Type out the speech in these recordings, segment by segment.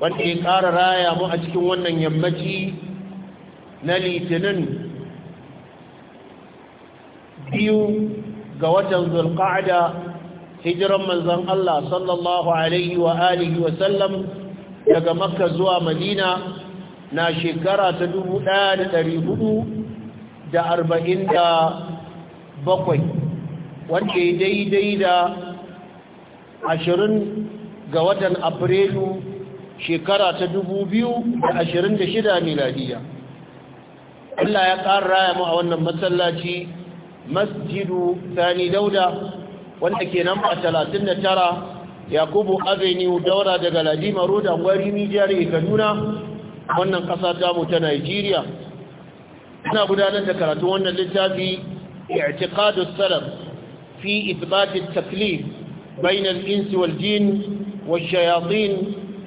wanda ya ƙara raya mu a cikin wannan yammaci na litinin biyu ga watan zulqa'ada hijiran manzon Allah sallallahu alaihi wa alihi daga makka zuwa madina na shekara ta dubu ɗaya da da da arba'in bakwai, wanda ya daidai da ashirin ga watan afrilu shekara ta 2026 miladiya Allah ya ƙara raya mu a wannan masallaci masjidu sani dauda wanda ke nan a 39 yakubu avenue daura daga ladima road nijar nijiyar kaduna wannan ƙasa ta mu ta nigeria ina gudanar da karatu wannan littafi i'tiqadu salaf fi ithbat at-taklif bayna al-insi wal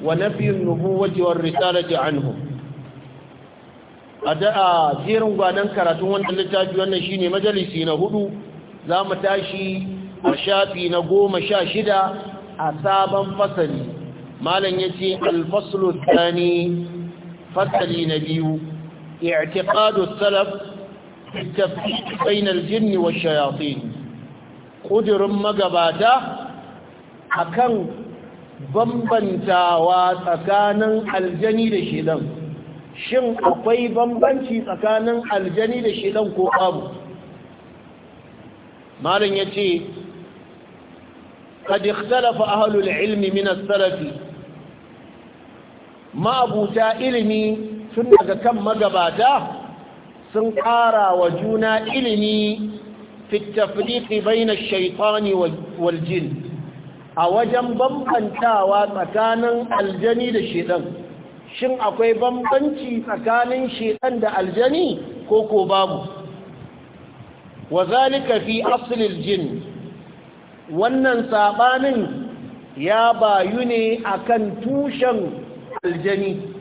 ونفي النبوة والرسالة عنه أدعى جير غادن كراتون اللتاج وانا شيني مجلسين هدو لا متاشي وشافي نقوم شاشدا أصابا فصلي ما لن يتي الفصل الثاني فصلي نبيو اعتقاد السلف التفكيك بين الجن والشياطين قدر مقباتا akan bambantawa tsakanin aljani da shedan shin akwai bambanci tsakanin aljani da shedan ko babu malam yace قد اختلف أهل العلم من السلف ما أبو ilimi sun daga kan magabata sun ƙara wa juna ilimi fi tafriqi bayna ash-shaytani a wajen bambantawa tsakanin aljani da shedan shin akwai bambanci tsakanin shedan da aljani ko ko babu Wazalika fi aslil jin wannan sabanin ya bayu ne akan tushen aljani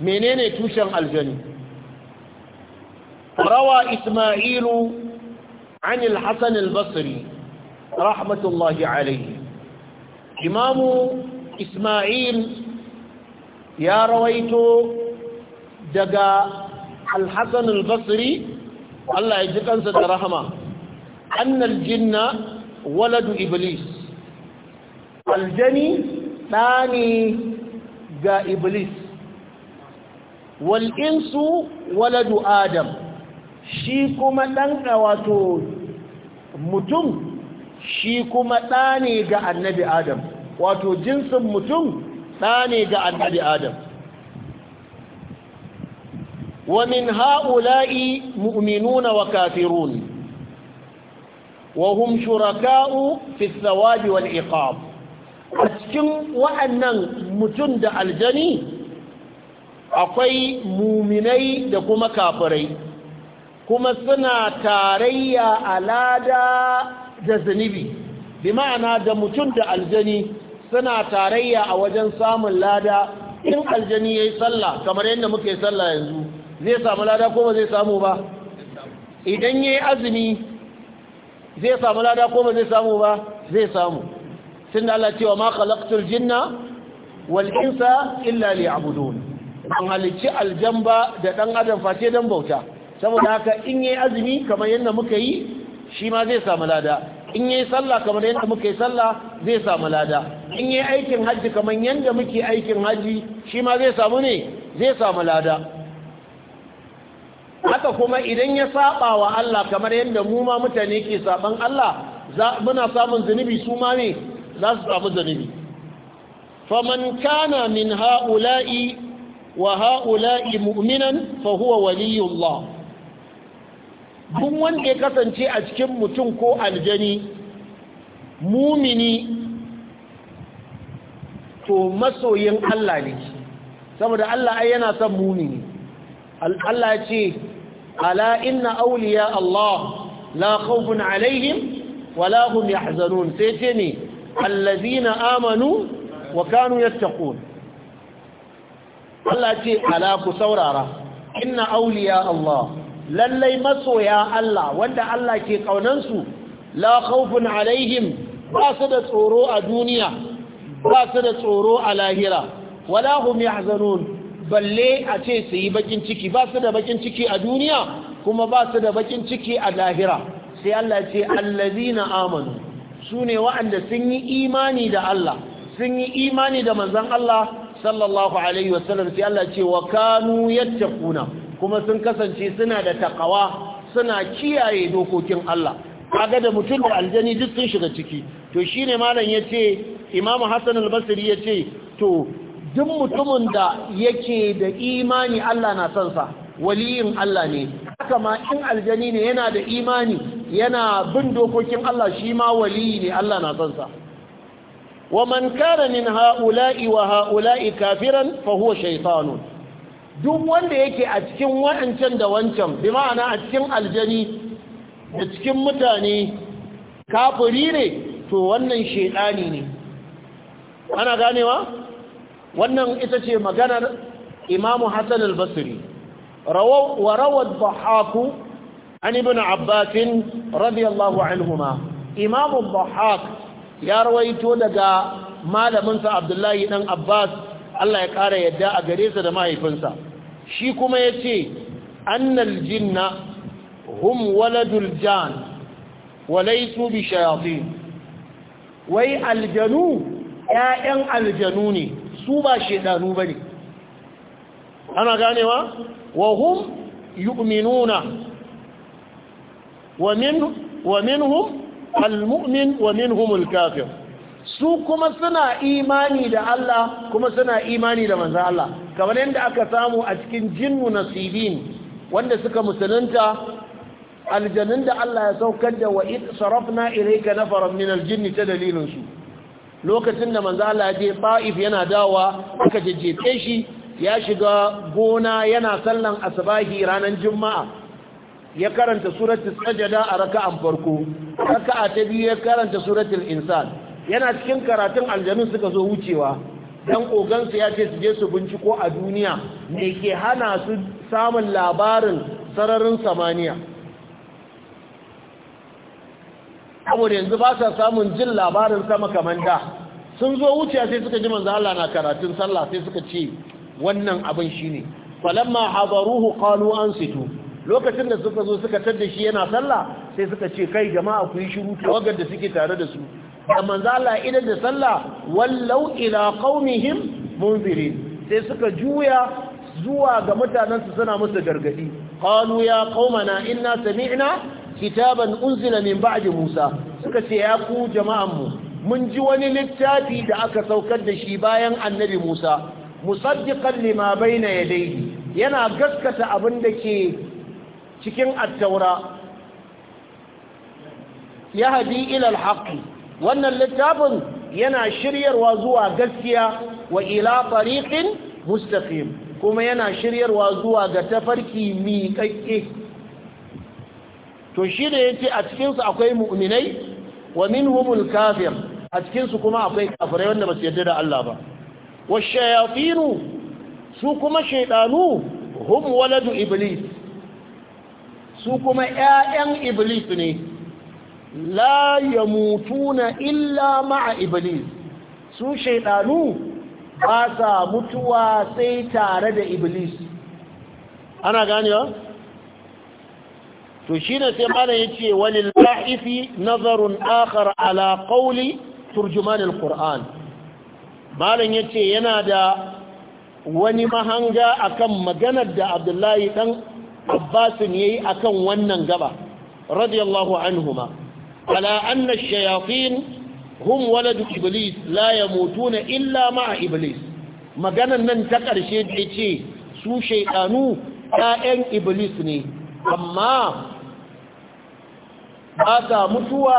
menene tushen aljani rawa isma'ilu عن الحسن basri rahmatullahi alaihi imamu isma'il ya rawaito daga alhassan albasri Allah ya ji kansa da rahama annal jinna waladu iblis aljani ɗani ga iblis wal'insu waladu adam shi kuma ɗan wato mutum shi kuma ɗane ne ga annabi adam wato jinsin mutum ɗane ga annabi adam wa min ha'ula'i mu'minuna wa kafirun wa hum shuraka'u fi thawabi wal iqab a cikin wa'annan mutum da aljani akwai muminai da kuma kafirai kuma suna tarayya alada da zunubi bi ma'ana da mutum da aljani suna tarayya a wajen samun lada in aljani ya yi sallah kamar yadda muke sallah yanzu zai samu lada ko ba zai samu ba idan ya yi azumi zai samu lada ko ba zai samu ba zai samu sun da Allah cewa ma khalaqtul jinna wal insa illa liya'budun an halicci aljamba da dan adam face dan bauta saboda haka in yayi azumi kamar yadda muka yi shi ma zai samu lada in yi sallah kamar yadda muka yi sallah zai samu lada in yi aikin hajji kamar yadda muke aikin hajji, shi ma zai samu ne zai samu lada haka kuma idan ya saba wa Allah kamar yadda mu ma mutane ke saban Allah muna samun zunubi su ma ne za su samu zunubi faman kana min ha'ula'i wa ha'ula'i mu'minan fa huwa waliyullah duk wanda ya kasance a cikin mutum ko aljani mumini to masoyin Allah ne saboda Allah ai yana son mumini Allah ce ala inna awliya Allah la khawfun alaihim wala hum yahzanun sai ce ne allazina amanu wa kanu yattaqun Allah ce ala ku saurara inna awliya Allah lallai masoya Allah wanda Allah ke ƙaunansu la khawfun alaihim ba su da tsoro a duniya ba su da tsoro a lahira wala hum yahzanun balle a ce su yi bakin ciki ba su da bakin ciki a duniya kuma ba su da bakin ciki a lahira sai Allah ce allazina amanu sune waɗanda sun yi imani da Allah sun yi imani da manzon Allah sallallahu alaihi wasallam sai Allah ce wa kanu yattaquna kuma sun kasance suna da takawa suna kiyaye dokokin Allah kaga da mutum da aljani duk sun shiga ciki to shine malam yace Imam Hassan al-Basri yace to duk mutumin da yake da imani Allah na son sa waliyin Allah ne haka ma in aljani ne yana da imani yana bin dokokin Allah shi ma waliyi ne Allah na son sa wa man kana min ha'ula'i wa ha'ula'i kafiran fa huwa shaytanun duk wanda yake a cikin wa'ancan da wancan bi ma'ana a cikin aljani da cikin mutane kafiri ne to wannan shedani ne ana ganewa wannan ita ce maganar imamu hassan al-basri wa rawad bahaku an ibn abbasin radiyallahu anhuma imamu bahak ya rawaito daga malaminsa abdullahi dan abbas Allah ya ƙara yadda a gare sa da mahaifinsa shi kuma ya ce annal jinna hum waladul jan walaisu bi shayatin wai aljanu ƴaƴan aljanu ne su ba shedanu bane ana ganewa wa hum yu'minuna wa min wa minhum almu'min wa minhum alkafir su kuma suna imani da Allah kuma suna imani da manzan Allah kamar yadda aka samu a cikin jinnu nasibin wanda suka musulunta aljanun da Allah ya saukar da wa id sarafna ilayka nafaran min aljinn ta dalilin su lokacin da manzan Allah ya je Taif yana dawa aka jejjefe shi ya shiga gona yana sallan asbahi ranar juma'a ya karanta suratul sajada a raka'an farko raka'a ta biyu ya karanta suratul insan yana cikin karatun aljanun suka zo wucewa dan ogansu ya ce su je su binciko a duniya me ke hana su samun labarin sararin samaniya saboda yanzu ba sa samun jin labarin sama kamar da sun zo wuciya sai suka ji manzo Allah na karatun sallah sai suka ce wannan abin shine falamma hadaruhu qalu ansitu lokacin da suka zo suka tada shi yana sallah sai suka ce kai jama'a ku yi shiru tawagar da suke tare da su da Manzala, idan da sallah wallau ila qaumihim munzirin sai suka juya zuwa ga mutanen su suna musu gargadi qalu ya qaumana inna sami'na kitaban unzila min ba'di musa suka ce ya ku jama'an mu mun ji wani littafi da aka saukar da shi bayan annabi musa musaddiqan lima bayna yadayhi yana gaskata abin da ke cikin at-taura yahdi ila al wannan littafin yana shiryarwa zuwa gaskiya wa ila tariqin mustaqim kuma yana shiryarwa zuwa ga tafarki miƙaƙƙe to shi da yace a cikin su akwai mu'minai wa minhumul kafir a cikin su kuma akwai kafirai wanda ba su yarda da Allah ba washayatinu su kuma shaydanu hum waladu iblis su kuma ƴaƴan iblis ne la yamutuna illa ma'a iblis su shaidanu ba sa mutuwa sai tare da iblis ana ganewa to shine sai malam yace wani la'ifi nazarun akhar ala qawli turjuman alquran malam yace yana da wani mahanga akan maganar da Abdullahi dan Abbas yayi akan wannan gaba radiyallahu anhuma على أن الشياطين هم ولد إبليس لا يموتون إلا مع إبليس مجانا ننتقل شيء بيتي su shaidanu ƴaƴan iblis ne amma ba sa mutuwa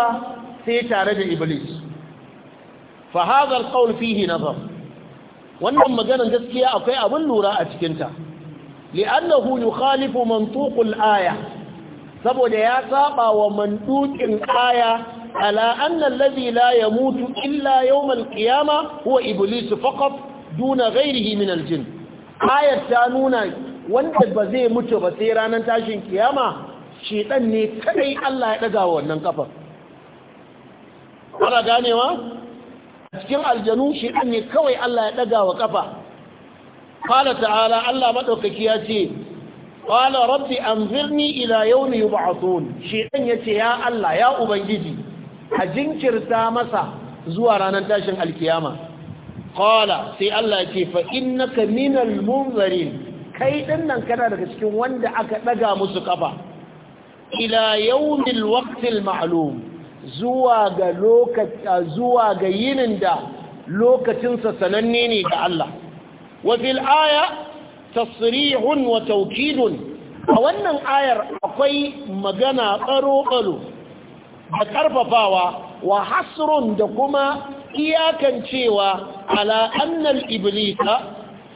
sai tare da iblis fa hadha alqawl fihi nazar wannan maganar gaskiya akwai abin lura a cikinta. ta li'annahu yukhalifu mantuq al-aya saboda ya saba wa mandukin aya ala anna ya la yamutu illa yawm alqiyama huwa iblis faqat duna ghayrihi min aljin ayat ta nuna wanda ba zai mutu ba sai ranar tashin kiyama shedan ne kadai Allah ya daga wannan kafa kana ganewa cikin aljanu shedan ne kawai Allah ya daga wa kafa qala ta'ala Allah madaukaki ya ce qala rabbi anzirni ila yawmi yub'athun shedan yace ya Allah ya ubangiji a jinkirta masa zuwa ranar tashin alkiyama qala sai Allah yace fa innaka minal munzirin kai nan kana daga cikin wanda aka daga musu kafa ila yawmil waqtil ma'lum zuwa ga lokaci zuwa ga yinin da lokacinsa sananne ne ga Allah wa fil aya tasrihun wa taukidun a wannan ayar akwai magana ɓaro-ɓaro da ƙarfafawa wa hasrun da kuma iyakancewa ala annal iblisa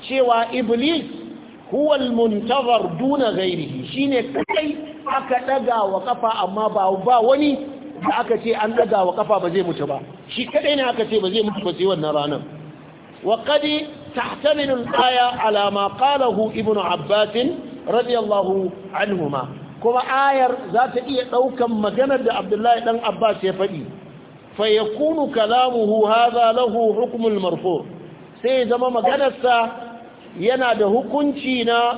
cewa iblis huwal almuntazar duna shi shine kai aka ɗaga wa ƙafa amma ba wani da aka ce an daga wa kafa ba zai mutu ba shi kadai ne aka ce ba zai mutu ba sai wannan ranar wa تحتمل الآية على ما قاله ابن عباس رضي الله عنهما كما آية ذات إيه أو كم مجند عبد الله بن عباس يفدي فيكون كلامه هذا له حكم المرفوع سيدا ما مجنسا ينادى حكمتنا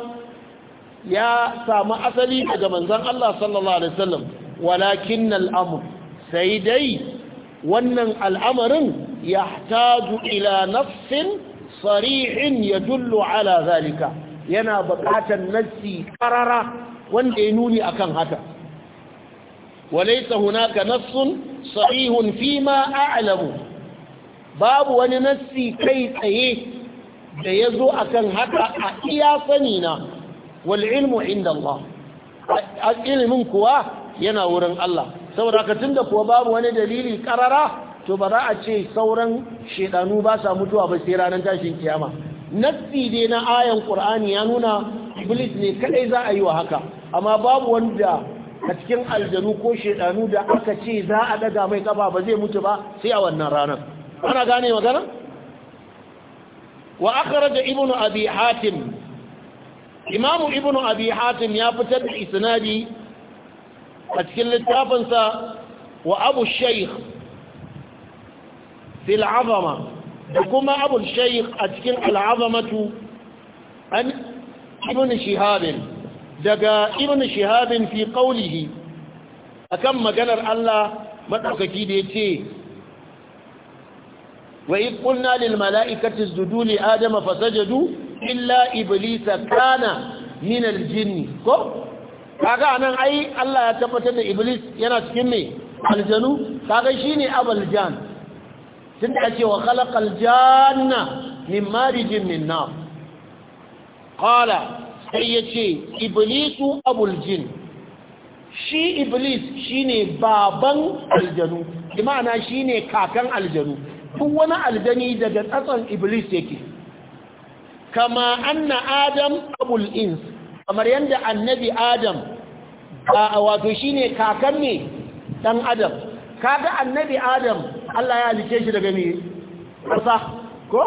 يا سامع أسلي كما زن الله صلى الله عليه وسلم ولكن الأمر سيدي wannan al'amarin ya taju ila nafsin sarihin ya dullu ala zalika yana buƙatar nassi karara wanda ya nuni akan haka walaysa hunaka nassun sarihun fima a'alamu. babu wani nassi kai tsaye da yazo akan haka a iya sani na ilmu inda Allah ilimin kuwa yana wurin Allah saboda ka tunda kuwa babu wani dalili ƙarara? to ba za a ce sauran shedanu ba sa mutuwa ba sai ranar tashin kiyama nassi dai na ayan qur'ani ya nuna iblis ne kadai za a yi wa haka amma babu wanda a cikin aljanu ko shedanu da aka ce za a daga mai kafa ba zai mutu ba sai a wannan ranar ana gane magana wa akhraja ibnu abi hatim imamu ibnu abi hatim ya fitar da isnadi a cikin littafinsa wa abu shaykh fil da kuma abul shaykh a cikin al'azamatu an daga Ibnu Shihabin fi qawlihi akan maganar Allah maɗaukaki da yace wa id qulna lil mala'ikati isjudu li adama fasajadu illa iblisa kana min al jinni ko kaga anan ai Allah ya tabbatar da iblis yana cikin me aljanu kaga shine Abuljan. tun da ake wa khalaqal janna min marijin min na? qala sai yace iblisu abul shi iblis shine baban aljanu imana shine kakan aljanu duk wani aljani daga tsatson iblis yake kama anna adam abul kamar yadda annabi adam wato shine kakan ne dan adam kaga annabi adam Allah ya halice shi daga me ƙasa ko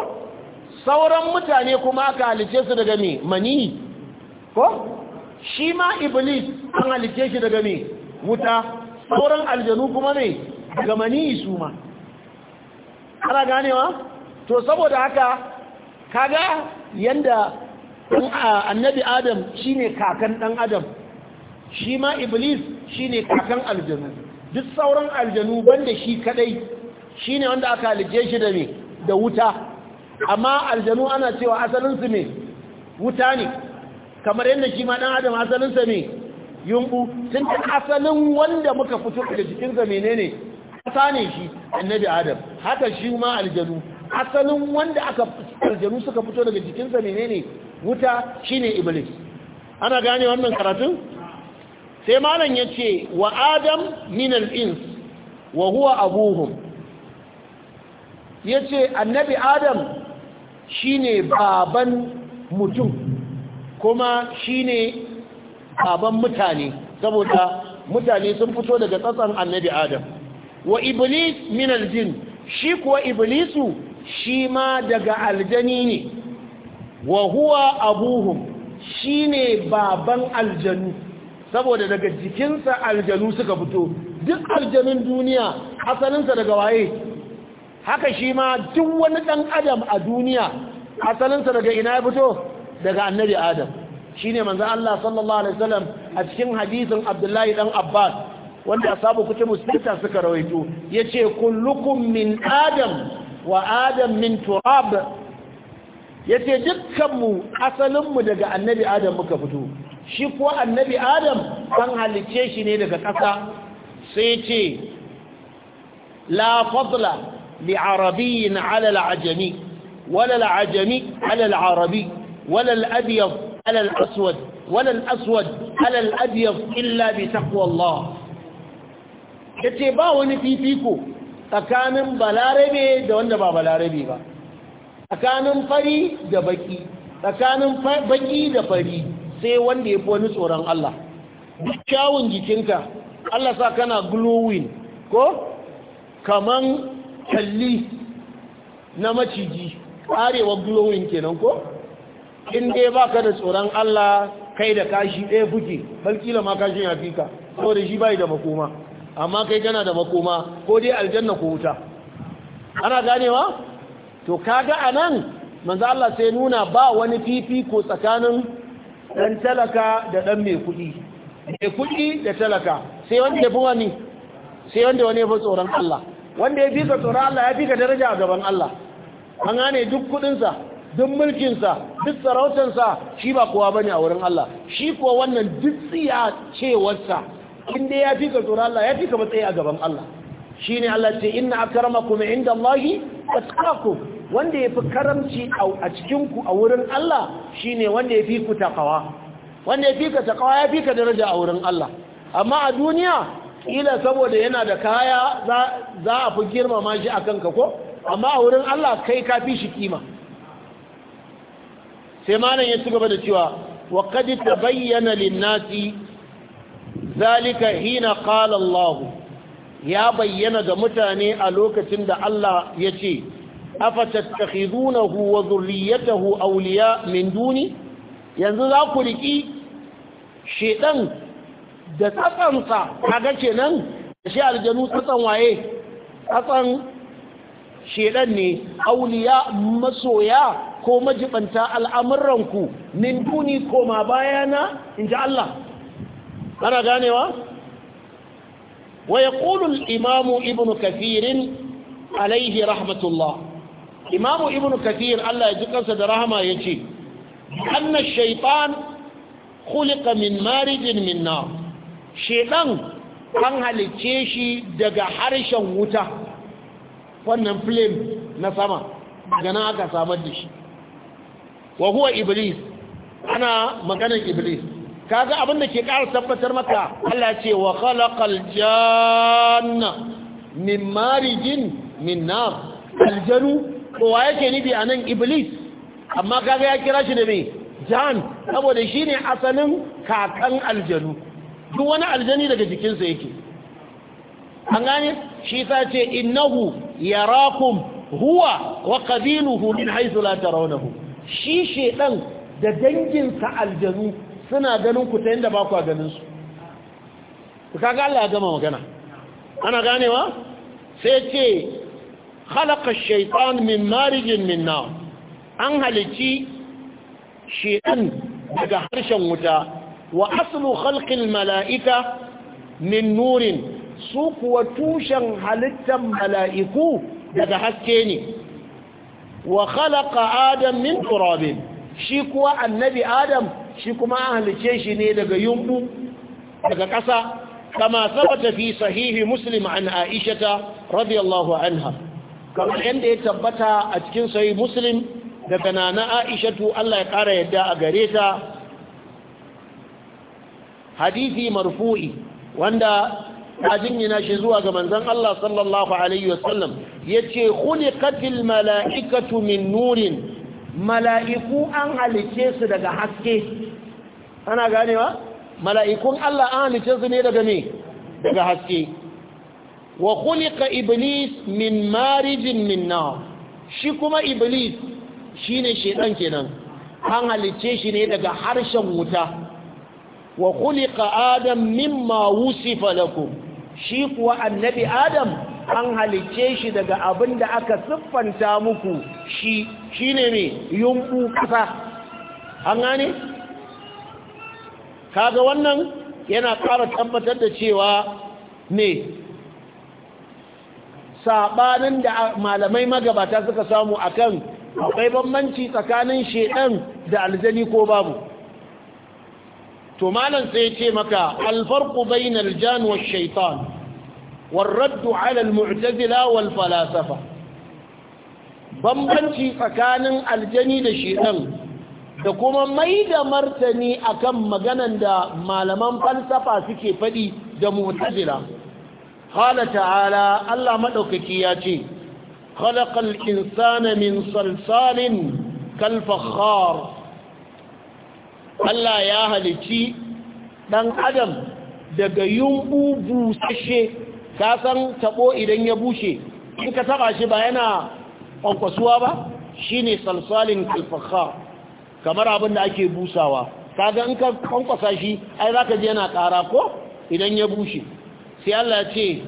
sauran mutane kuma aka halice su daga me mani ko shi ma iblis an halice shi daga me wuta sauran aljanu kuma ne daga mani su ma ana ganewa to saboda haka kaga yanda annabi adam shine kakan dan adam shi ma iblis shine kakan aljanu duk sauran aljanu banda shi kadai Shi ne wanda aka halice shi da mi da wuta amma aljanu ana cewa asalinsu me wuta ne kamar yadda shi ma dan adam asalinsa me yunbu, sun ta asalin wanda muka fito da jikinsa menene ƙasa ne shi annabi adam haka shi ma aljanu asalin wanda aka aljanu suka fito daga jikinsa menene wuta shine iblis ana gane wannan karatun sai malam yace wa adam minal ins wa huwa abuhum ya ce annabi adam shine baban mutum kuma shine baban mutane saboda mutane sun fito daga tsatsan annabi adam wa iblis min aljin shi kuwa iblisu shi ma daga aljani ne wa huwa abuhum shine baban aljanu saboda daga jikinsa aljanu suka fito duk aljanun duniya asalinsa daga waye haka shi ma duk wani ɗan adam a duniya asalinsa daga ina ya fito daga annabi adam shi ne manzan Allah sallallahu Alaihi wasallam a cikin hadisin abdullahi ɗan abbas wanda sabu kuce musulunta suka rawaito ya ce kullukum min adam wa adam min turab ya ce dukkanmu asalinmu daga annabi adam muka fito shi kuwa annabi adam an halice shi ne daga ƙasa sai ce la fadla لعربي على العجمي ولا العجمي على العربي ولا الأبيض على الأسود ولا الأسود على الأبيض إلا بتقوى الله يتباوني في فيكو tsakanin balarabe da wanda ba balarabe ba tsakanin fari da baki tsakanin baki da fari sai wanda ya fi wani tsoron Allah duk kyawun jikinka Allah sa kana glowing ko kaman Talli na maciji arewa glowing kenan ko in dai baka da tsoron Allah kai da kashi ɗaya fuke balkila ma kashin ya ka ko da shi bai da makoma amma kai kana da makoma ko dai aljanna ko wuta ana ganewa to kaga anan manzo Allah sai nuna ba wani fifi ko tsakanin dan talaka da dan mai kuɗi mai kuɗi da talaka sai wanda ya fi wani sai wanda wani ya fi tsoron Allah wanda ya fi ka tsoron Allah ya fi ka daraja a gaban Allah an gane duk kudinsa duk mulkinsa duk sarautansa shi ba kowa bane a wurin Allah shi kuwa wannan duk tsiya cewarsa inda ya fi ka tsoron Allah ya fi ka matsayi a gaban Allah Shi ne Allah ce inna inda Allahi ku wanda yafi karamci a cikin ku a wurin Allah ne wanda fi ku takawa wanda ya ka takawa ka daraja a wurin Allah amma a duniya ƙila saboda yana da kaya za a fi girmama shi a kanka ko amma a wurin Allah kai ka fi shi kima sai malam ya ci gaba da cewa wa qad tabayyana lin-nasi zalika hina qala Allah ya bayyana ga mutane a lokacin da Allah ya ce afatattakhidunahu wa dhurriyyatahu awliya min duni yanzu za ku riki shedan da tsatsansa kaga kenan shi aljanu tsatsan waye tsatsan shedan ne auliya masoya ko majibanta al'amuranku min duni koma bayana in ji Allah ana ganewa wa yaqulu al-imamu ibnu kathir alayhi rahmatullah imamu ibnu kathir Allah ya ji kansa da rahama yace anna ash-shaytan khuliqa min marijin min nar shedan an halicce shi daga harshen wuta wannan flame na sama Gana aka samar da shi wa huwa iblis ana maganar iblis kaga abin da ke ƙara tabbatar maka Allah ce wa khalaqal janna min marijin min nar aljanu kowa yake nufi anan iblis amma kaga ya kira shi da me jan saboda shine asalin kakan aljanu duk wani aljani daga jikinsa yake an gane shi ta ce innahu yarakum huwa wa qabiluhu min haythu la shi shedan da danginsa aljanu suna ganin ku ta yanda ba ku ganin su ku kaga Allah ya gama magana ana ganewa sai ce khalaqa ash min marijin min an halici shedan daga harshen wuta wa aslu khalqil mala'ika min nurin su kuwa tushen halittar mala'iku daga haske ne wa khalaqa adam min turabin shi kuwa annabi adam shi kuma an halice shi ne daga yumbu daga ƙasa kama sabata fi sahihi muslim an aishata radiyallahu anha kamar yadda ya tabbata a cikin sahih muslim daga nana aishatu Allah ya ƙara yadda a gare ta hadisi marfu'i wanda ta jingina shi zuwa ga manzon Allah sallallahu alaihi wasallam yace khuliqatil mala'ikatu min nurin mala'iku an halice su daga haske ana ganewa mala'ikun Allah an halice su ne daga me daga haske wa khuliqa iblis min marijin min nar shi kuma iblis shine shedan kenan an halice shi ne daga harshen wuta wa khuliqa adam mimma wusifa lakum shi kuwa annabi adam an halicce shi daga abin da aka siffanta muku shi shine ne yumbu kasa an gane kaga wannan yana ƙara tabbatar da cewa ne sabanin da malamai magabata suka samu akan akwai bambanci tsakanin shedan da aljani ko babu to malam sai ce maka alfarqu bainal jan shaitan war radd ala mu'tazila wal falasafa bambanci tsakanin aljani da shaitan da kuma mai da martani akan maganan da malaman falsafa suke faɗi da mu'tazila qala ta'ala Allah madaukaki ya ce insana min salsalin صلصال كالفخار Allah ya halici ɗan adam daga yunɓu busashe ka san taɓo idan ya bushe in ka taɓa shi ba yana ƙwanƙwasuwa ba shine salsalin kalfakha kamar abin da ake busawa kaga in ka ƙwanƙwasa shi ai zaka ji yana ƙara ko idan ya bushe sai Allah ya ce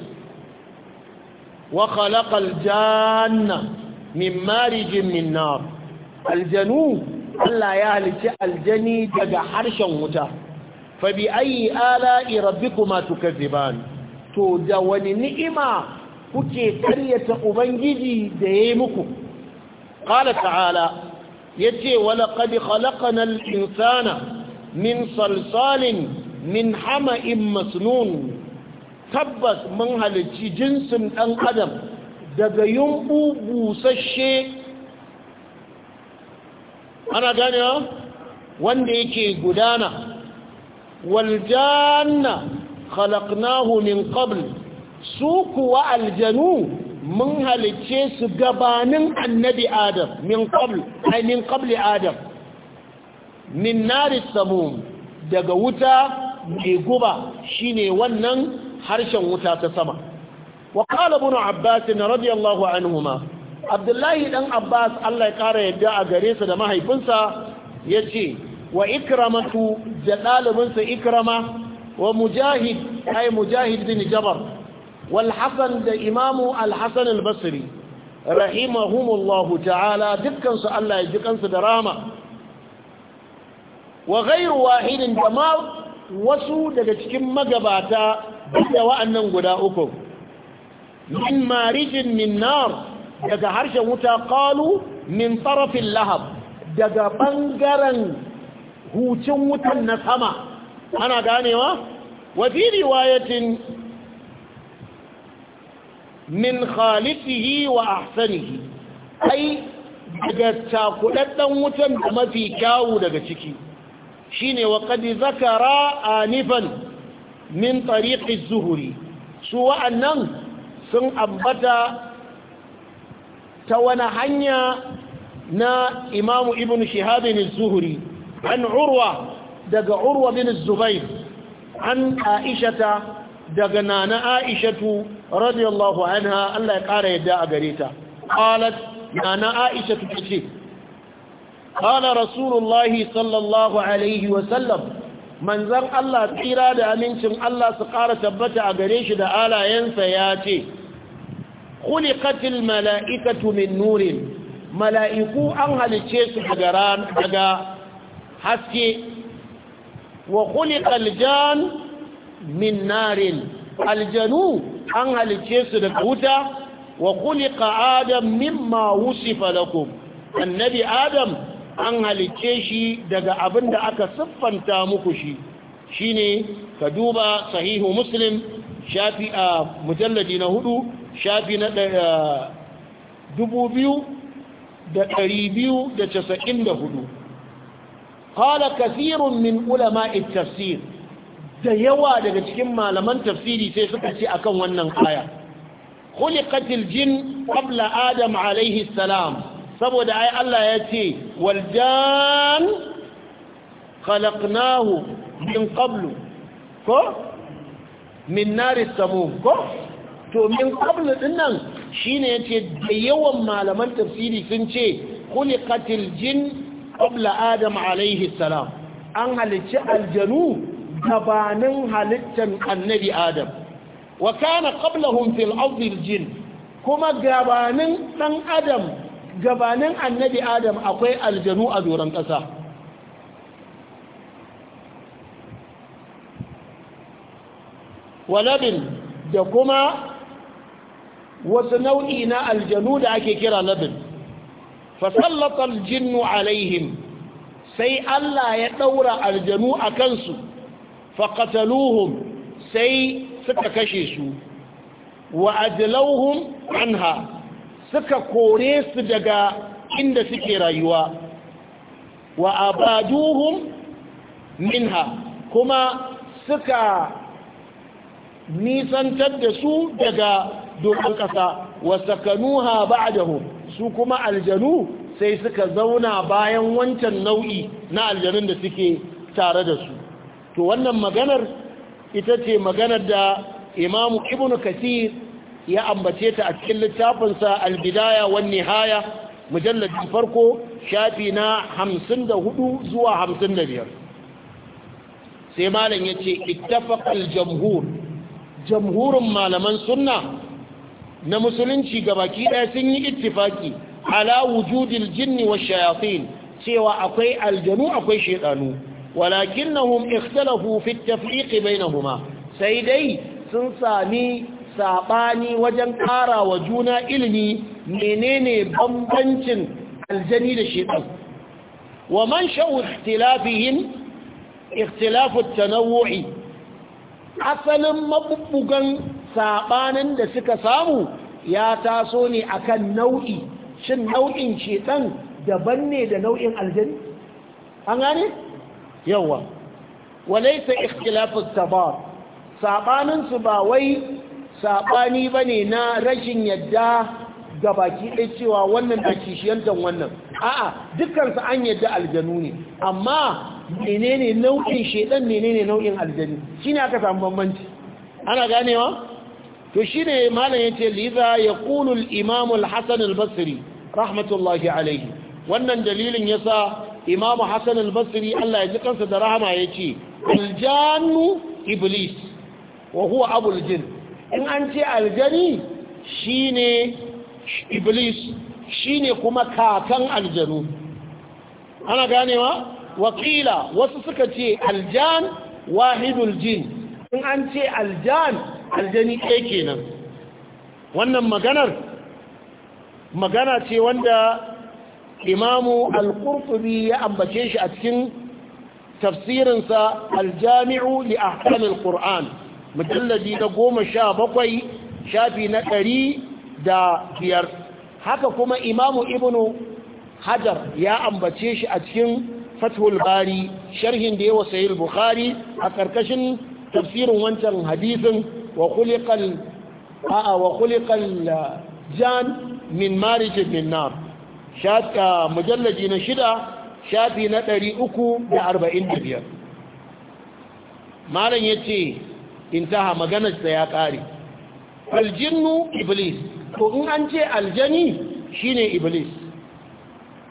wa khalaqal janna min marijin min nar aljanu Allah ya halici aljani daga harshen wuta fa bi ayi ala'i rabbikuma tukazziban to da wani ni'ima kuke karyata ubangiji da yayi muku qala ta'ala yace wa laqad khalaqnal insana min salsalin min hama'in masnun tabbas mun halici jinsin dan adam daga yumbu busasshe ana ganewa wanda yake gudana waljanna khalaqnahu min qabl su kuwa aljanu mun halicce su gabanin annabi adam min qabl ay min qabli adam min nari samum daga wuta mai guba shine wannan harshen wuta ta sama wa qala ibn abbas radiyallahu anhuma abdullahi dan abbas allah ya kara yadda a gare sa da mahaifinsa ya ce wa ikramatu da ɗalibinsa ikrama wa mujahid ai mujahid bin jabar wal hasan da imamu al hasan al basri rahimahumullahu ta'ala dukkansu allah ya ji kansu da rama wa ghairu wahidin da ma wasu daga cikin magabata da wa'annan guda uku min marijin min nar daga harshen wuta qalu min tarafin lahab daga bangaren hucin wutan na sama ana ganewa wa fi riwayatin min khalifihi wa ahsanihi ai daga takudaddan wutan da mafi kyawu daga ciki shine wa qad zakara anifan min tariqi zuhuri su wa'annan sun ambata ta wani hanya na imamu ibn shihabin zuhuri an urwa daga urwa bin zubair an aishata daga nana aishatu radiyallahu anha Allah ya kara yadda a gare ta qalat nana aishatu ce, qala rasulullahi sallallahu alaihi wa sallam manzon Allah tsira da amincin Allah su ƙara tabbata a gare shi da alayensa ya ce khuliqatil mala'ikatu min nurin mala'iku an halice su daga haske wa khuliqal min narin aljanu an halice su daga wuta wa khuliqa adam mimma wusifa lakum annabi adam an halice shi daga abin da aka siffanta muku shi shine ka duba sahihu muslim shafi a mujalladi na hudu shafi na eh, dubu biyu da ɗari biyu da casa'in da hudu kala kasirun min ulama tafsir da yawa daga cikin malaman tafsiri sai suka ce akan wannan aya khuliqatil jin qabla adam alaihi salam saboda ai Allah ya ce wal jan khalaqnahu min qablu ko min nari samum ko to min qablu din nan shine yace da yawan malaman tafsiri sun ce khuliqatil jin qabla adam alaihi salam an halicci aljanu gabanin halittar annabi adam wa kana qablahum fil ardi jin kuma gabanin dan adam gabanin annabi adam akwai aljanu a doron kasa walabin da kuma wasu nau'i na aljanu da ake kira labin fasallatar jinnu alaihim sai Allah ya ɗaura aljanu a kansu faƙataluhum sai suka kashe su wa ajlauhum anha suka kore su daga inda suke rayuwa wa abaduhum minha kuma suka nisantar da su daga domin ƙasa wasakanuha ba'dahu su kuma aljanu sai suka zauna bayan wancan nau'i na aljanun da suke tare da su to wannan maganar ita ce maganar da imamu ibnu kasir ya ambace ta a cikin littafinsa albidaya wan nihaya mujalladin farko shafi na 54 zuwa 55 sai malam yace ittafaqal jamhur jamhurin malaman sunna na musulunci gabaki ɗaya sun yi ittifaki ala wujudil jinni wa shayatin cewa akwai aljanu akwai shaidanu walakinnahum ikhtalafu fi at-tafriq bainahuma sai dai sun sami sabani wajen ƙarawa wa juna ilimi menene bambancin aljani da shaitan wa man sha'u ikhtilafihim ikhtilafu at-tanawu'i asalin mabubbugan saɓanin da suka samu ya taso ne akan nau'i shin nau'in shedan daban ne da nau'in aljani an gane yawa walaysa ikhtilafu tabar sabanin su ba wai sabani bane na rashin yadda ga baki ɗaya cewa wannan da kishiyantar wannan a'a dukansu an yadda aljanu ne amma menene nau'in shedan menene nau'in aljani shine aka samu bambanci ana ganewa to shi ne malam ya ce liza ya kulul imamul hassan al-basri rahmatullahi alaihi wannan dalilin ya sa imamu hassan al-basri allah ya ji kansa da rahama ya ce aljanu iblis wa huwa abul jin in an ce aljani shi ne iblis shi ne kuma kakan aljanu ana ganewa wakila wasu suka ce aljan wahidul jin in an ce aljan aljani ɗaya kenan wannan maganar magana ce wanda imamu al-qurtubi ya ambace shi a cikin tafsirinsa aljami'u li ahkamil ƙur'an mujalladi na goma sha bakwai shafi na ɗari da biyar haka kuma imamu ibnu hajar ya ambace shi a cikin fathul bari sharhin da yawa sayil bukari a ƙarƙashin tafsirin wancan hadisin وخلق ال... آه وخلق الجان من مارج من نار شات مجلد نشدة شافي نتري أكو بأربعين دبير مالا يتي انتهى مغنج سياقاري فالجن إبليس وإن أنت الجني شيني إبليس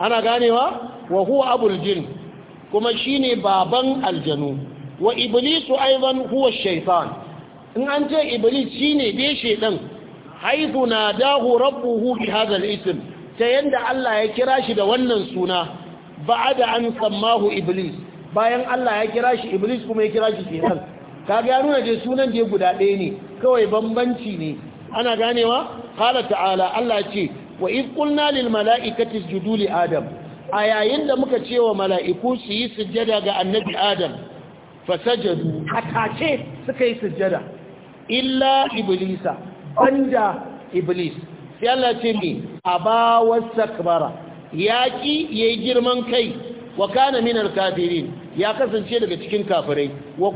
أنا قانيوا وهو أبو الجن كما شيني بابا الجنو وإبليس أيضا هو الشيطان in an ce iblis shine be shedan haifu na dahu rabbuhu bi hadha al-ism ta yanda Allah ya kira shi da wannan suna ba'ada an sammahu iblis bayan Allah ya kira shi iblis kuma ya kira shi shedan kaga ya nuna je sunan je guda ɗaya ne kawai bambanci ne ana ganewa qala ta'ala Allah ya ce wa id qulna lil mala'ikati isjudu li adam a yayin da muka ce wa mala'iku su yi sujjada ga annabi adam fasajadu atace suka yi sujjada illa iblisa banda iblis sai Allah ce mi aba wastakbara yaki yayi girman kai wa kana min alkafirin ya kasance daga cikin kafirai wa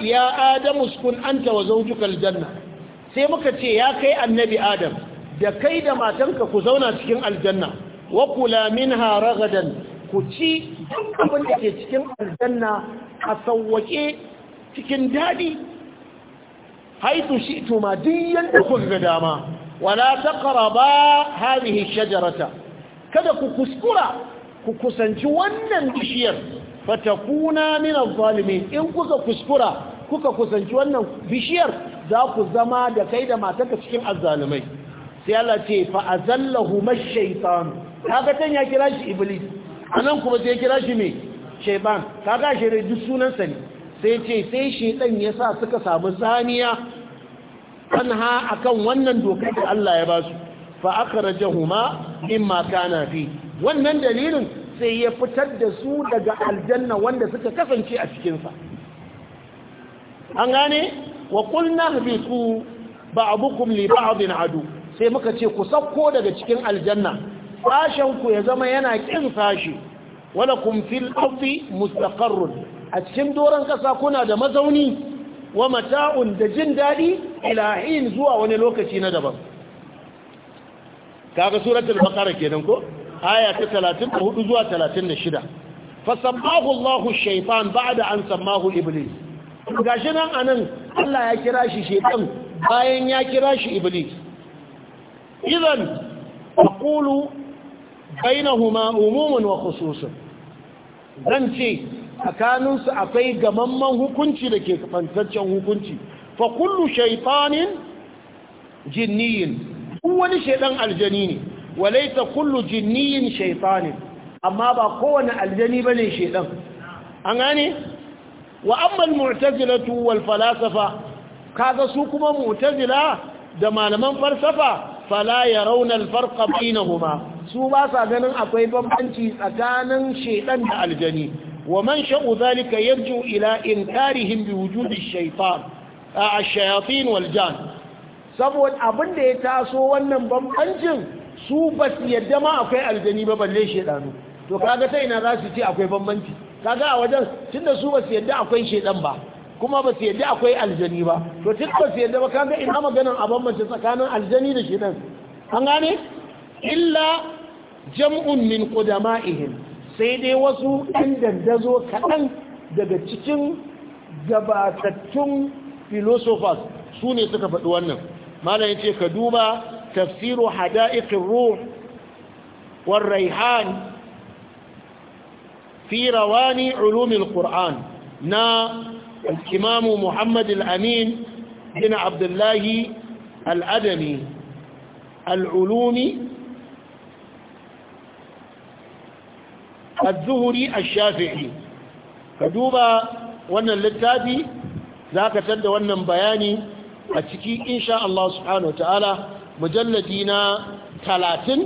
ya Adamu uskun anta wa zawjuka aljanna sai muka ce ya kai annabi adam da kai da matanka ku zauna cikin aljanna wa kula minha ragadan ku ci duk abin da ke cikin aljanna a sawwake cikin dadi haitu shi ma duk ga dama wala taqraba hadhihi shajarata kada ku kuskura ku kusanci wannan bishiyar fatakuna min az-zalimin in kuka kuskura kuka kusanci wannan bishiyar za ku zama da kai da matarka cikin azzalimai sai Allah ce fa azallahu mash kaga tan ya kira shi iblis anan kuma sai ya kira shi me shaytan kaga shi duk sunan sa ne sai ce sai shi ɗan ya sa suka samu saniya anha akan wannan dokar da Allah ya basu fa akhrajahuma mimma na fi wannan dalilin sai ya fitar da su daga aljanna wanda suka kasance a cikinsa. an gane wa qulna habitu ba'dukum li ba'din adu sai muka ce ku sauko daga cikin aljanna sashen ku ya zama yana kin sashi wala kum fil ardi mustaqarrun a cikin doron ƙasa kuna da mazauni wa mata'un da jin daɗi ilahin zuwa wani lokaci na daban kaga suratul baqara kenan ko aya ta 34 zuwa 36 Allah Allahu shaytan ba'da an sammahu iblis gashi nan anan Allah ya kira shi shaytan bayan ya kira shi iblis idan aqulu bainahuma umuman wa khususan dan ce tsakaninsu akwai gamamman hukunci da ke kafantaccen hukunci fa kullu shaytanin jinniyin wani shaidan aljani ne walaita kullu jinniyin shaytanin amma ba kowane aljani bane shaidan an gane wa amma almu'tazilatu wal falasifa kaga su kuma mu'tazila da malaman falsafa fala yarawna alfarqa bainahuma su ba sa ganin akwai bambanci tsakanin shaidan da aljani ومن شاء ذلك يرجع إلى إنكارهم بوجود الشيطان الشياطين والجان saboda abin da ya taso wannan bambancin su ba su yadda ma akwai aljani ba balle shedanu to kaga ta ina za su ce akwai bambanci kaga a wajen tunda su ba su yadda akwai ba kuma ba su yadda akwai aljani ba to tun ba su yadda ba kaga ina maganan a bambance tsakanin aljani da shedan an gane illa jam'un min qudama'ihim sai dai wasu ɗan dandazo kaɗan daga cikin gabatattun filosofas. su ne suka faɗi wannan malam ce ka duba tafsiru hada'ikin ruh war raihan fi rawani ulumil ƙur'an na الإمام محمد الأمين bin Abdullahi al'adami al'ulumi az zuhuri ash-shafi'i ka duba wannan littafi ka tada wannan bayani a ciki insha Allah subhanahu wataala mujalladi na 30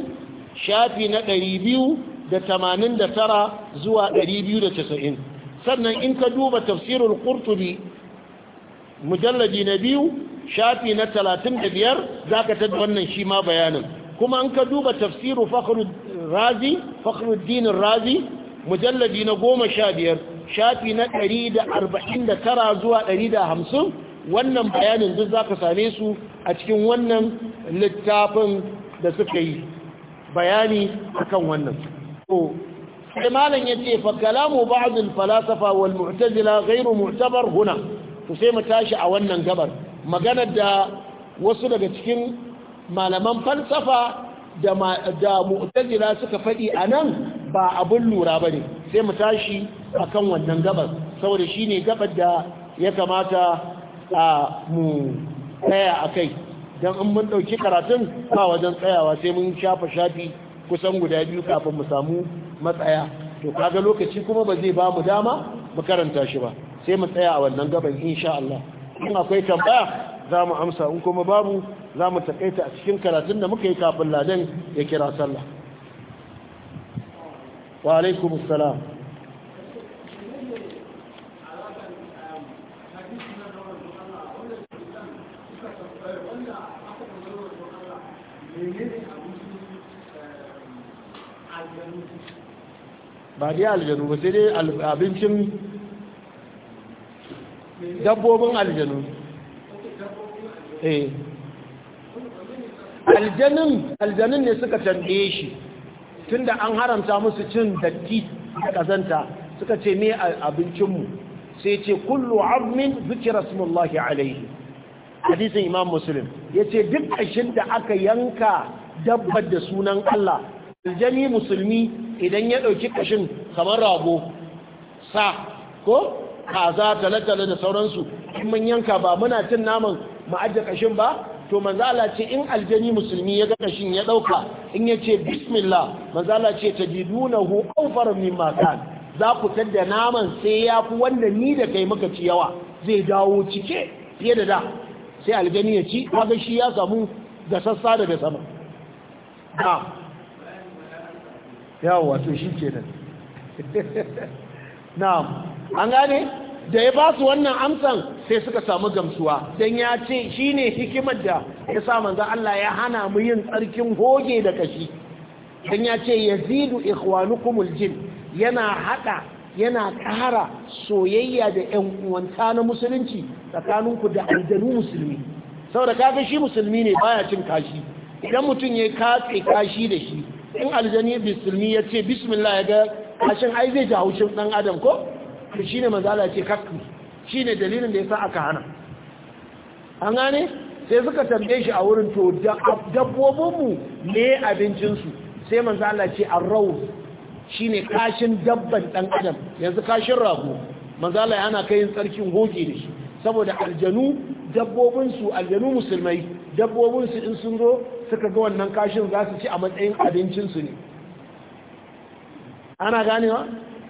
shafi na 289 zuwa 290 sannan in ka duba tafsirul qurtubi mujalladi na biyu shafi na 35 zaka tada wannan shi ma bayanin kuma an ka duba tafsiru razi fakhruddin razi mujalladi na goma sha biyar shafi na ɗari da arba'in da tara zuwa ɗari da hamsin wannan bayanin duk za ka same su a cikin wannan littafin da suka yi bayani kan wannan sai malam ya ce fa kalamu falasafa wal mu'tazila ghairu mu'tabar huna to sai mu tashi a wannan gabar maganar da wasu daga cikin malaman falsafa da mu'tazila suka faɗi a nan ba abun lura ba ne sai mu tashi a kan wannan gabar saboda shi ne gabar da ya kamata a mu tsaya a kai don in mun ɗauki karatun ba wajen tsayawa sai mun shafa shafi kusan guda biyu kafin mu samu matsaya to kaga lokaci kuma ba zai ba mu dama mu karanta shi ba sai mu tsaya a wannan gabar, insha Allah in akwai tambaya za mu amsa in kuma babu za mu takaita a cikin karatun da muka yi kafin ladan ya kira sallah wa alaikum ba dai aljanu ba sai dai abincin dabbobin aljanu eh aljanin aljanin ne suka tambaye shi tunda an haramta musu cin datti a kazanta suka ce me abincinmu sai ce kullu abmin zikira smullahi alaihi hadisin imam muslim ya ce duk ƙashin da aka yanka dabbar da sunan Allah aljani musulmi idan ya ɗauki ƙashin kamar rago sa ko kaza talatala da sauransu in mun yanka ba muna cin naman ma'ajja kashin ba to manzala ce in aljani musulmi ya ga kashin ya dauka in ya ce bismillah manzala ce tajidunahu awfar mimma kan za ku tadda naman sai ya fi wanda ni da kai muka ci yawa zai dawo cike fiye da da sai aljani ya ci kaga shi ya samu da sassa daga sama da yawa to shi kenan na'am an gane da ya ba su wannan amsan sai suka samu gamsuwa don ya ce shi ne hikimar da ya sa manzan Allah ya hana mu yin tsarkin goge da kashi don ya ce ya zidu ikhwanukumul jin yana haɗa yana ƙara soyayya da ‘yan uwanta na musulunci tsakaninku da aljanu musulmi saboda kafin shi musulmi ne baya cin kashi idan mutum ya katse kashi da shi in aljani musulmi ya ce bismillah ya ga kashin ai zai ja haushin ɗan adam ko to shine ne Allah ce shi ne dalilin da ya sa aka hana an gane sai suka tambaye shi a wurin to dabbobinmu ne abincin su sai ce a rawu shi ne kashin dabban ɗan adam yanzu kashin rago mazala yana kai tsarkin goge da shi saboda aljanu dabbobin aljanu musulmai dabbobinsu in sun zo suka ga wannan kashin za su ci a matsayin abincinsu ne ana ganewa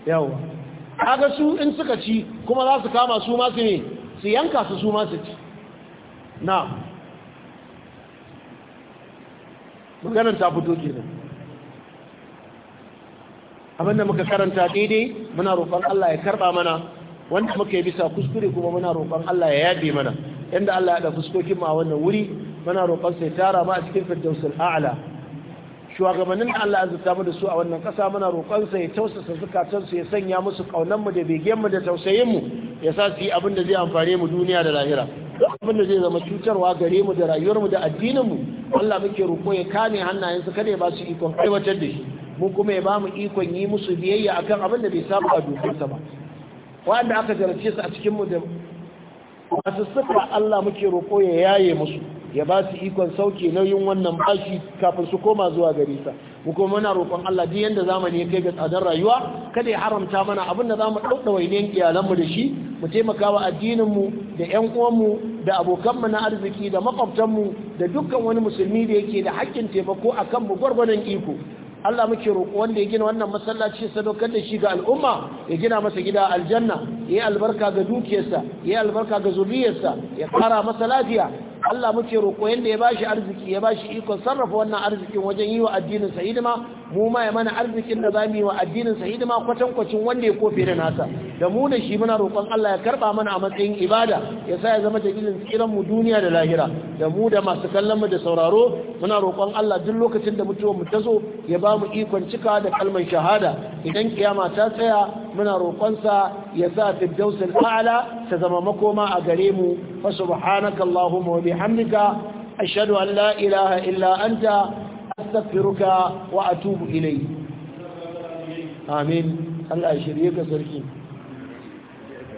yawon kaga su in suka ci kuma za su kama su masu ne su yanka su su masu ci na maganin ta fito nan abinda muka karanta daidai muna roƙon Allah ya karɓa mana wanda muka yi bisa kuskure kuma muna roƙon Allah ya yabe mana inda Allah ya da fuskokin mu a wannan wuri muna roƙon sai tara ma a cikin firdausul a'la shugabannin da Allah Ya mu da su a wannan ƙasa muna roƙonsa ya tausasa zukatansu ya sanya musu mu da begenmu da tausayinmu ya sa su yi abin da zai amfane mu duniya da lahira abin da zai zama cutarwa gare mu da rayuwarmu da mu Allah muke roƙo ya kame hannayensu kada ya ba su ikon aiwatar da shi mu kuma ya ba mu ikon yi musu biyayya akan abin da bai samu a dokarsa ba wanda aka jarace su a cikin mu da masu Allah muke roƙo ya yaye musu ya ba su ikon sauke nauyin wannan bashi kafin su koma zuwa gare sa mu kuma muna roƙon Allah duk yanda zamani ya kai ga tsadar rayuwa kada ya haramta mana abin da zamu dauka wainiyan iyalan mu da shi mu taimaka wa addinin mu da ƴan uwan mu da abokan mu na arziki da makwabtan mu da dukkan wani musulmi da yake da haƙƙin taimako akan mu gwargwadon iko Allah muke roƙo wanda ya gina wannan masallaci sadaukar da shi ga al'umma ya gina masa gida aljanna ya albarka ga dukiyarsa ya albarka ga zuriyarsa ya kara masa lafiya Allah muke roƙo yadda ya bashi arziki ya bashi ikon sarrafa wannan arzikin wajen yi wa addinin sa hidima mu ma ya mana arzikin da zamu yi wa addinin sa hidima kwatankwacin wanda ya kofe da nasa da mu da shi muna roƙon Allah ya karba mana a matsayin ibada ya sa ya zama dalilin tsiran mu duniya da lahira da mu da masu kallon mu da sauraro muna roƙon Allah duk lokacin da mutuwar mu ta zo ya ba mu ikon cika da kalmar shahada idan kiyama ta tsaya muna roƙon sa ya sa firdausul a'la ta zama makoma a gare mu fa subhanakallahumma wa bihamdika ashhadu an la ilaha illa anta astaghfiruka wa atubu ilayk amin Allah ya shirye ka sarki